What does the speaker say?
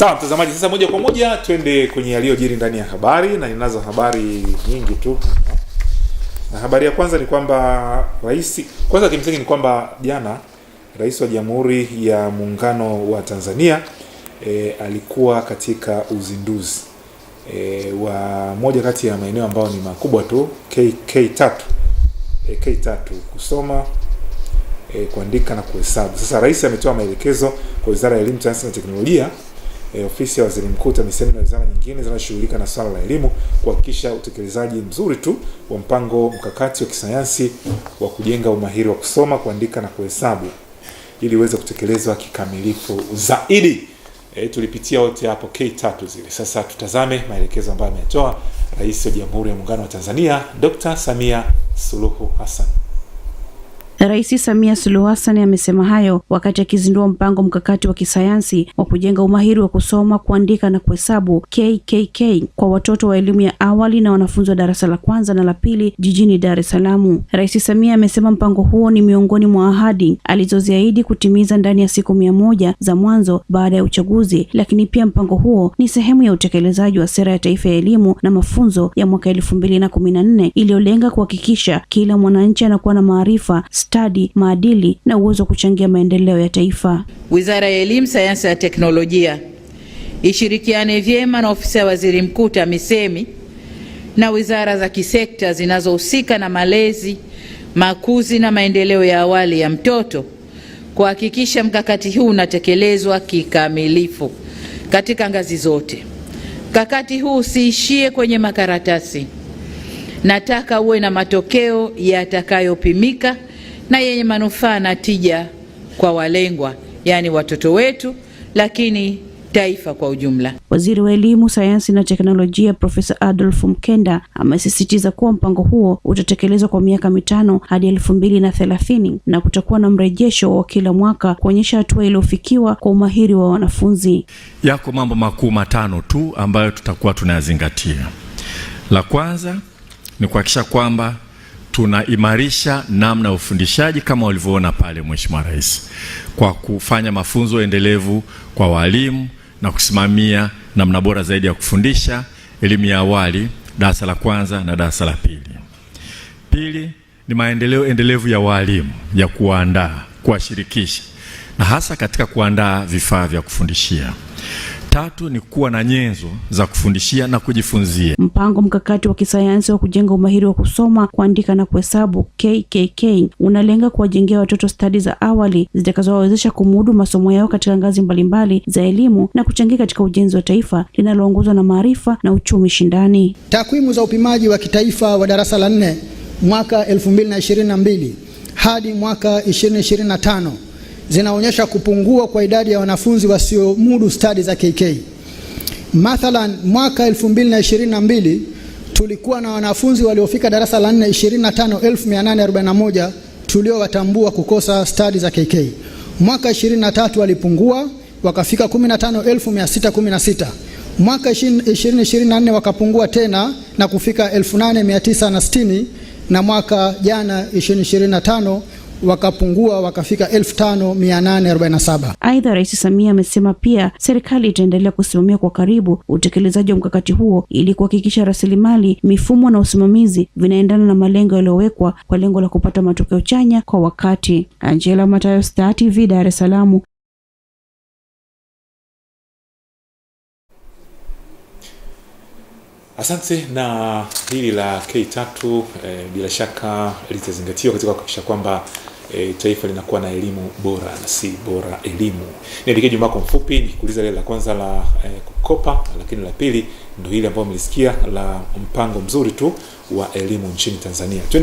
Sawa mtazamaji, sasa moja kwa moja twende kwenye yaliyojiri ndani ya habari, na ninazo habari nyingi tu. Na habari ya kwanza ni kwamba rais, kwanza kimsingi ni kwamba jana rais wa Jamhuri ya Muungano wa Tanzania e, alikuwa katika uzinduzi e, wa moja kati ya maeneo ambayo ni makubwa tu K3 e, K3 kusoma e, kuandika na kuhesabu. Sasa rais ametoa maelekezo kwa Wizara ya Elimu, Sayansi na Teknolojia e, ofisi ya waziri mkuu TAMISEMI na wizara nyingine zinazoshughulika na swala la elimu kuhakikisha utekelezaji mzuri tu wa mpango mkakati wa kisayansi wa kujenga umahiri wa kusoma, kuandika na kuhesabu ili iweze kutekelezwa kikamilifu zaidi. E, tulipitia wote hapo K3 zile. Sasa tutazame maelekezo ambayo ametoa Rais wa Jamhuri ya Muungano wa Tanzania Dr. Samia Suluhu Hassan. Rais Samia Suluhu Hassan amesema hayo wakati akizindua mpango mkakati wa kisayansi wa kujenga umahiri wa kusoma, kuandika na kuhesabu KKK kwa watoto wa elimu ya awali na wanafunzi wa darasa la kwanza na la pili jijini Dar es Salaam. Rais Samia amesema mpango huo ni miongoni mwa ahadi alizoziahidi kutimiza ndani ya siku mia moja za mwanzo baada ya uchaguzi, lakini pia mpango huo ni sehemu ya utekelezaji wa sera ya taifa ya elimu na mafunzo ya mwaka elfu mbili na kumi na nne iliyolenga kuhakikisha kila mwananchi anakuwa na maarifa stadi, maadili na uwezo wa kuchangia maendeleo ya taifa. Wizara ya Elimu, Sayansi na Teknolojia ishirikiane vyema na ofisi ya Waziri Mkuu TAMISEMI na wizara za kisekta zinazohusika na malezi, makuzi na maendeleo ya awali ya mtoto kuhakikisha mkakati huu unatekelezwa kikamilifu katika ngazi zote. Mkakati huu usiishie kwenye makaratasi. Nataka uwe na matokeo yatakayopimika na yenye manufaa na tija kwa walengwa, yaani watoto wetu, lakini taifa kwa ujumla. Waziri wa Elimu, Sayansi na Teknolojia Profesa Adolf Mkenda amesisitiza kuwa mpango huo utatekelezwa kwa miaka mitano hadi elfu mbili na thelathini na kutakuwa na mrejesho wa kila mwaka kuonyesha hatua iliyofikiwa kwa umahiri wa wanafunzi. Yako mambo makuu matano tu ambayo tutakuwa tunayazingatia. La kwanza ni kuhakikisha kwamba tunaimarisha namna ya ufundishaji kama walivyoona pale Mheshimiwa Rais, kwa kufanya mafunzo endelevu kwa walimu na kusimamia namna bora zaidi ya kufundisha elimu ya awali, darasa la kwanza na darasa la pili. Pili ni maendeleo endelevu ya walimu ya kuandaa, kuwashirikisha na hasa katika kuandaa vifaa vya kufundishia. Tatu ni kuwa na nyenzo za kufundishia na kujifunzia. Mpango mkakati wa kisayansi wa kujenga umahiri wa kusoma, kuandika na kuhesabu KKK unalenga kuwajengea watoto stadi za awali zitakazowawezesha kumudu masomo yao katika ngazi mbalimbali za elimu na kuchangia katika ujenzi wa taifa linaloongozwa na maarifa na uchumi shindani. Takwimu za upimaji wa kitaifa wa darasa la nne mwaka 2022 hadi mwaka 2025 zinaonyesha kupungua kwa idadi ya wanafunzi wasiomudu stadi za KK. Mathalan, mwaka 2022 tulikuwa na wanafunzi waliofika darasa la 4 25841 tuliowatambua kukosa stadi za KK. Mwaka 23 walipungua wakafika 15616 mwaka 2024 wakapungua tena na kufika 8960 na mwaka jana 2025 wakapungua wakafika 5847. Aidha, Rais Samia amesema pia serikali itaendelea kusimamia kwa karibu utekelezaji wa mkakati huo ili kuhakikisha rasilimali, mifumo na usimamizi vinaendana na malengo yaliyowekwa kwa lengo la kupata matokeo chanya kwa wakati. Angela Matayo, Star TV, Dar es Salaam. Asante na hili la K3 e, eh, bila shaka litazingatiwa katika kuhakikisha kwamba e, taifa linakuwa na elimu bora na si bora elimu. Nielekee juma kwa mfupi nikuuliza lile la kwanza la e, kukopa, lakini la pili ndio hili ambayo mlisikia la mpango mzuri tu wa elimu nchini Tanzania. Twende